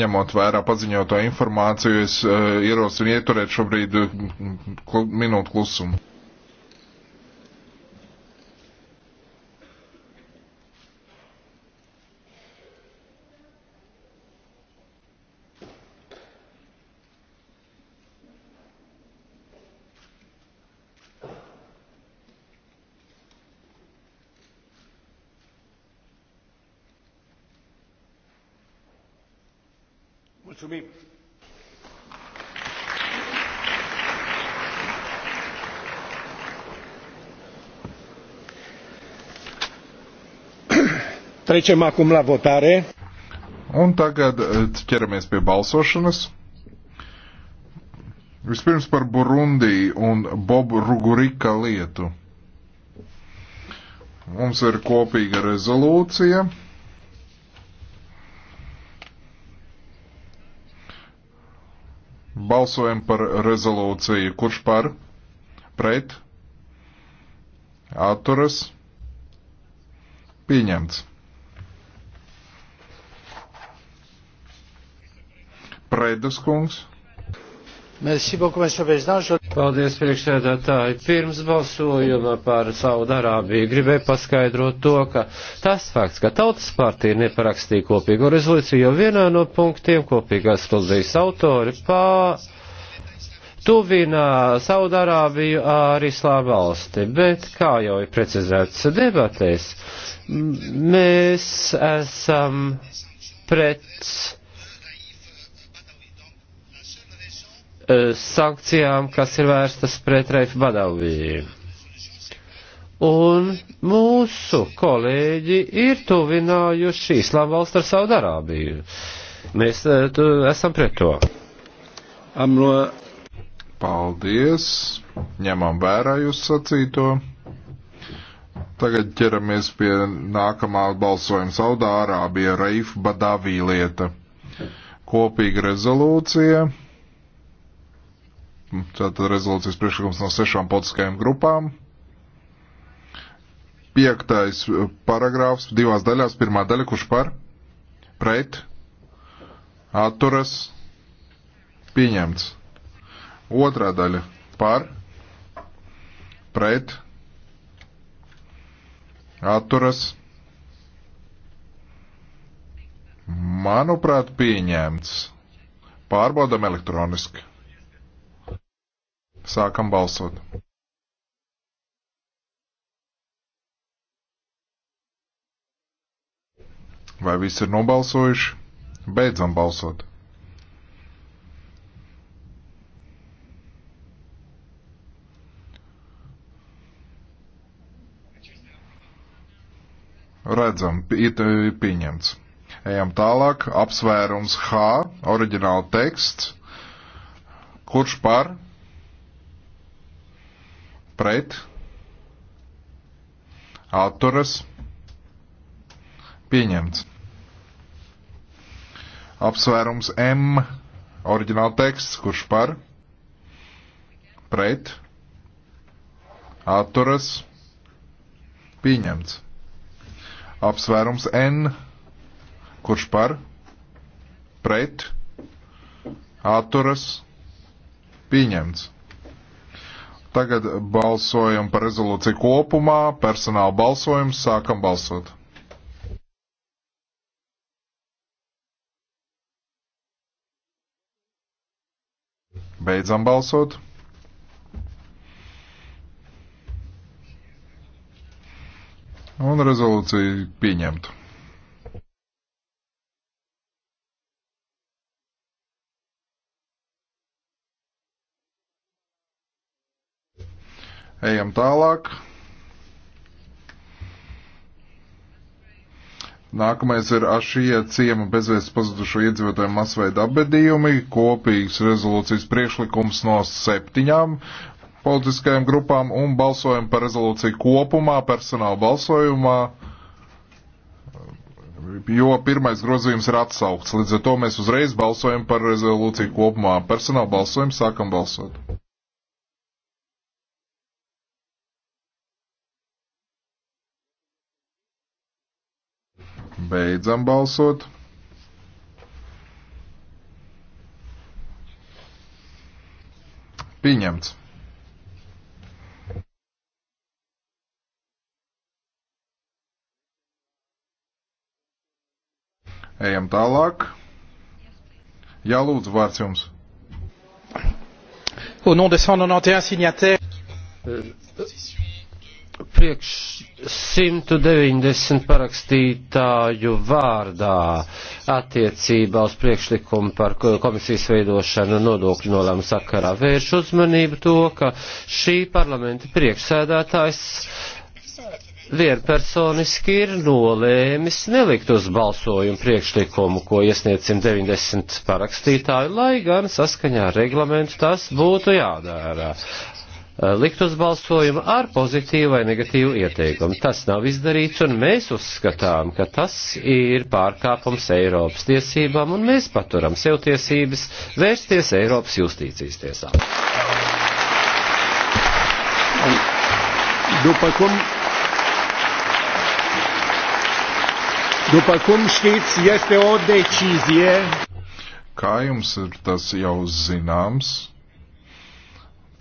ņemot vērā paziņoto informāciju, es uh, ierosinu ieturēt šobrīd eh, minūtu klusumu. Mulțumim! Trecem acum la votare. Un tagad eh, ķeramies pie balsošanas. Vispirms par Burundi un Bobu Rugurika lietu. Mums ir kopīga rezolūcija. Balsojam par rezolūciju. Kurš par? Pret? Atturas? Pieņemts. Predas kungs. Merci beaucoup, monsieur le président. Paldies, priekšsēdētāji. Pirms balsojuma par Saudārābiju gribēju paskaidrot to, ka tas fakts, ka Tautas partija neparakstīja kopīgo rezolūciju, jo vienā no punktiem kopīgās rezolūcijas autori pā tuvinā Saudārābiju ar Islāma valsti, bet, kā jau ir precizēts debatēs, mēs esam pret Eh, sankcijām, kas ir vērstas pret Reifu Badaviju. Un mūsu kolēģi ir tuvinājuši Islām valsts ar Saudarābiju. Mēs eh, tu, esam pret to. Amro. Paldies. Ņemam vērā jūs sacīto. Tagad ķeramies pie nākamā balsojuma Saudārābija Reifu Badavī lieta. Kopīga rezolūcija. Tātad rezolūcijas priekšlikums no sešām politiskajām grupām. Piektais uh, paragrāfs divās daļās. Pirmā daļa, kurš par, pret, atturas, pieņemts. Otrā daļa, par, pret, atturas, manuprāt, pieņemts. Pārbaudam elektroniski. Sākam balsot. Vai visi ir nobalsojuši? Beidzam balsot. Redzam, pieņemts. Ejam tālāk. Apsvērums H, oriģināla teksts. Kurš par? pret, atturas, pieņemts. Apsvērums M, oriģināla teksts, kurš par, pret, atturas, pieņemts. Apsvērums N, kurš par, pret, atturas, pieņemts. Tagad balsojam par rezolūciju kopumā, personāla balsojums, sākam balsot. Beidzam balsot. Un rezolūcija pieņemta. Ejam tālāk. Nākamais ir Ašija ciema bezvēsts pazudušo iedzīvotāju masveida apbedījumi, kopīgs rezolūcijas priekšlikums no septiņām politiskajām grupām un balsojam par rezolūciju kopumā, personāla balsojumā, jo pirmais grozījums ir atsaukts. Līdz ar to mēs uzreiz balsojam par rezolūciju kopumā. Personāla balsojumu sākam balsot. Beidzam balsot. Pieņemts. Ejam tālāk. Jā, lūdzu, vārds jums. Au nom de 191 signataires. Euh, priekš 190 parakstītāju vārdā attiecībā uz priekšlikumu par komisijas veidošanu nodokļu nolēmu sakarā vērš uzmanību to, ka šī parlamenta priekšsēdētājs vienpersoniski ir nolēmis nelikt uz balsojumu priekšlikumu, ko iesniedz 190 parakstītāju, lai gan saskaņā ar reglamentu tas būtu jādara. Eh, likt uz balsojumu ar pozitīvu vai negatīvu ieteikumu. Tas nav izdarīts, un mēs uzskatām, ka tas ir pārkāpums Eiropas tiesībām, un mēs paturam sev tiesības vērsties Eiropas justīcijas tiesā. După cum, după cum știți, este o decizie. Kā jums ir tas jau zināms,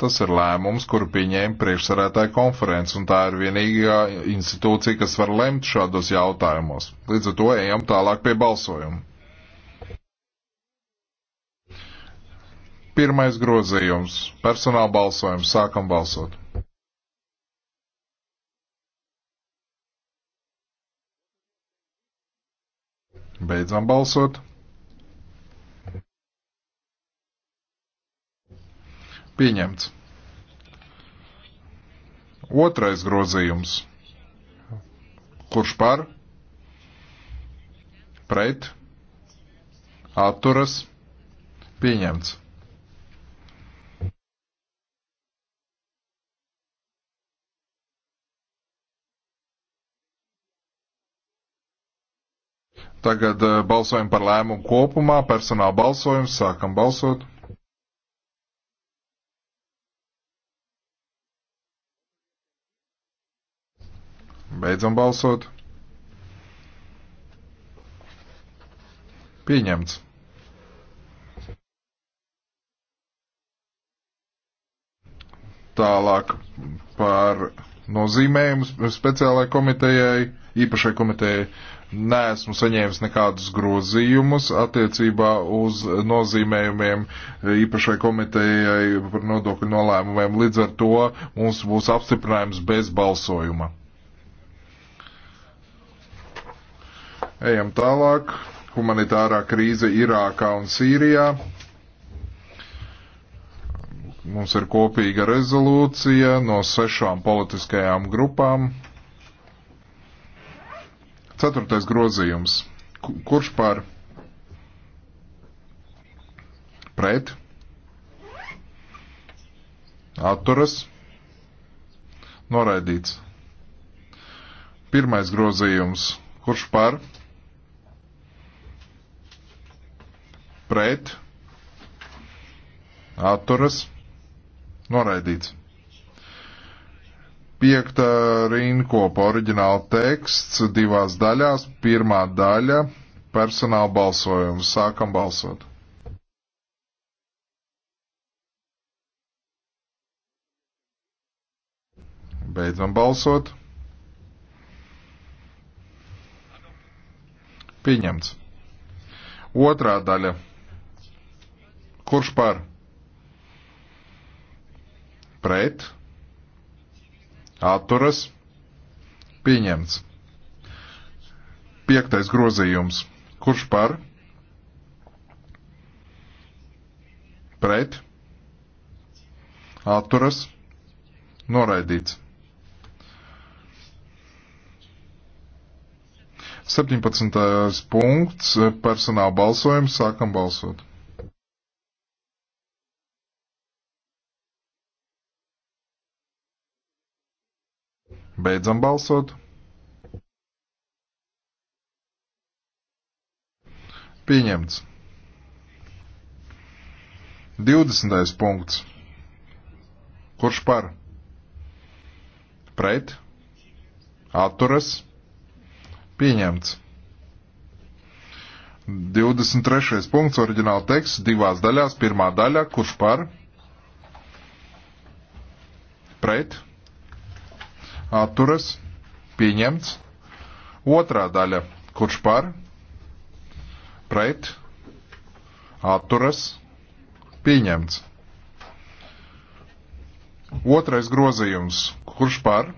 Tas ir lēmums, kuru pieņēma priekšsarētāja konferences, un tā ir vienīgā institūcija, kas var lemt šādos jautājumos. Līdz ar to ejam tālāk pie balsojuma. Pirmais grozījums - personāla balsojums. Sākam balsot. Beidzam balsot. Pieņemts. Otrais grozījums. Kurš par? Pret? Atturas? Pieņemts. Tagad eh, balsojam par lēmumu kopumā, personāla balsojums, sākam balsot. Beidzam balsot. Pieņemts. Tālāk par nozīmējumu speciālajai komitejai, īpašai komitejai. Nesmu saņēmis nekādus grozījumus attiecībā uz nozīmējumiem īpašai komitejai par nodokļu nolēmumiem. Līdz ar to mums būs apstiprinājums bez balsojuma. Ejam tālāk. Humanitārā krīze Irākā un Sīrijā. Mums ir kopīga rezolūcija no sešām politiskajām grupām. Ceturtais grozījums. Kurš par? Pret? Atturas? Noraidīts. Pirmais grozījums. Kurš par? pret, atturas, noraidīts. Piekta rīnkopa oriģināla teksts divās daļās. Pirmā daļa - personāla balsojums. Sākam balsot. Beidzam balsot. Pieņemts. Otrā daļa Kurš par? Pret. Atturas. Pieņemts. Piektais grozījums. Kurš par? Pret. Atturas. Noraidīts. 17. punkts. Personāla balsojums. Sākam balsot. Beidzam balsot. Pieņemts. 20. punkts. Kurš par? Pret? Atturas? Pieņemts. 23. punkts, oriģināla teksts, divās daļās. Pirmā daļa, kurš par? Pret? atturas, pieņemts. Otrā daļa, kurš par, pret, atturas, pieņemts. Otrais grozījums, kurš par,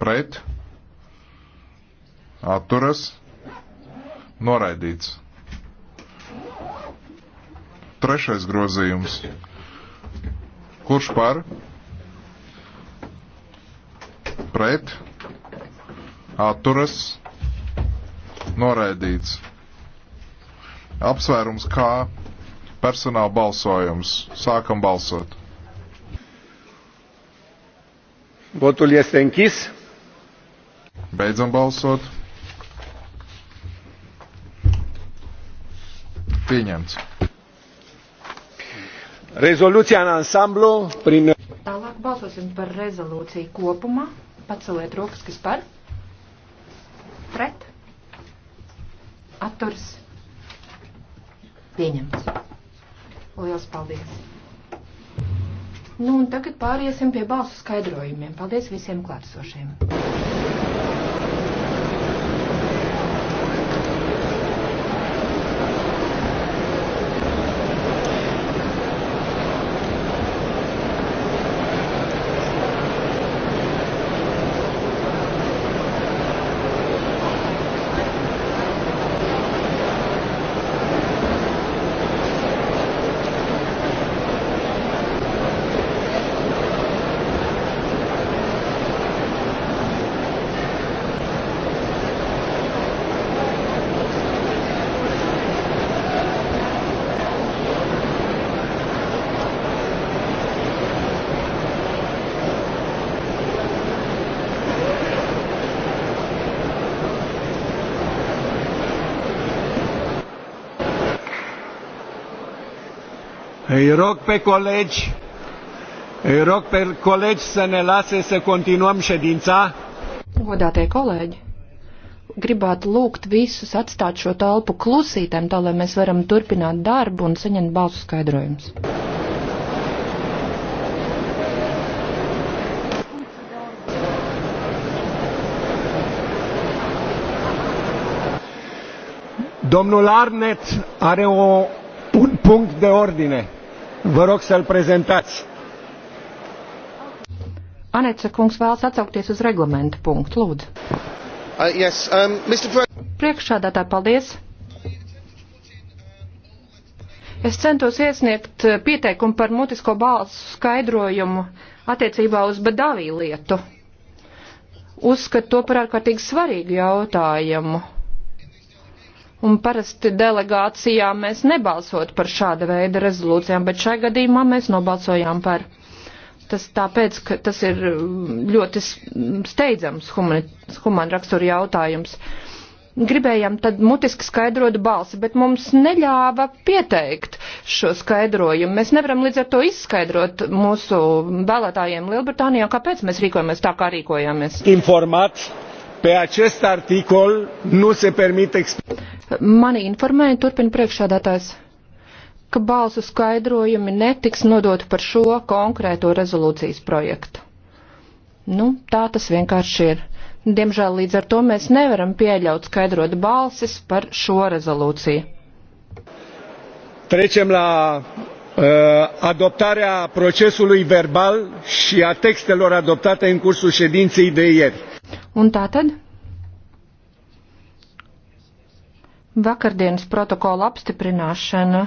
pret, atturas, noraidīts. Trešais grozījums, Kurš par? Pret? Atturas? Noraidīts. Apsvērums kā personāla balsojums. Sākam balsot. Votul este închis. Beidzam balsot. Pieņemts. Rezolūcijā un ansamblu prin. Tālāk balsosim par rezolūciju kopumā. Paceliet rokas, kas par. Pret. Atturs. Pieņemts. Lielas paldies. Nu un tagad pāriesim pie balsu skaidrojumiem. Paldies visiem klātsošiem. Îi rog pe colegi, îi rog pe colegi să ne lase să continuăm ședința. Godātie kolēģi, gribētu lūgt visus atstāt šo telpu klusītēm, tā lai mēs varam turpināt darbu un saņemt balsu skaidrojumus. Domnul Arnet are o, un punct de ordine. Vă rog să-l prezentați. Aneca kungs vēlas atsaukties uz reglamentu punktu. Lūdzu. Uh, yes, um, Pre... Priekšādātāji, paldies. Es centos iesniegt uh, pieteikumu par mutisko balsu skaidrojumu attiecībā uz Badavī lietu. Uzskatu to par ārkārtīgi svarīgu jautājumu. Un parasti delegācijā mēs nebalsot par šāda veida rezolūcijām, bet šai gadījumā mēs nobalsojām par. Tas tāpēc, ka tas ir ļoti steidzams humāna rakstura jautājums. Gribējām tad mutiski skaidrot balsi, bet mums neļāva pieteikt šo skaidrojumu. Mēs nevaram līdz ar to izskaidrot mūsu vēlētājiem Lielbritānijā, kāpēc mēs rīkojamies tā, kā rīkojamies. Informāts Pe acest articol nu se permit Mani informēja, turpina priekšādātājs, ka balsu skaidrojumi netiks nodot par šo konkrēto rezolūcijas projektu. Nu, tā tas vienkārši ir. Diemžēl līdz ar to mēs nevaram pieļaut skaidrot balsis par šo rezolūciju. Trecem la uh, adoptarea procesului verbal și a textelor adoptate în cursul ședinței de ieri. Un tā tad? Vakardienas protokola apstiprināšana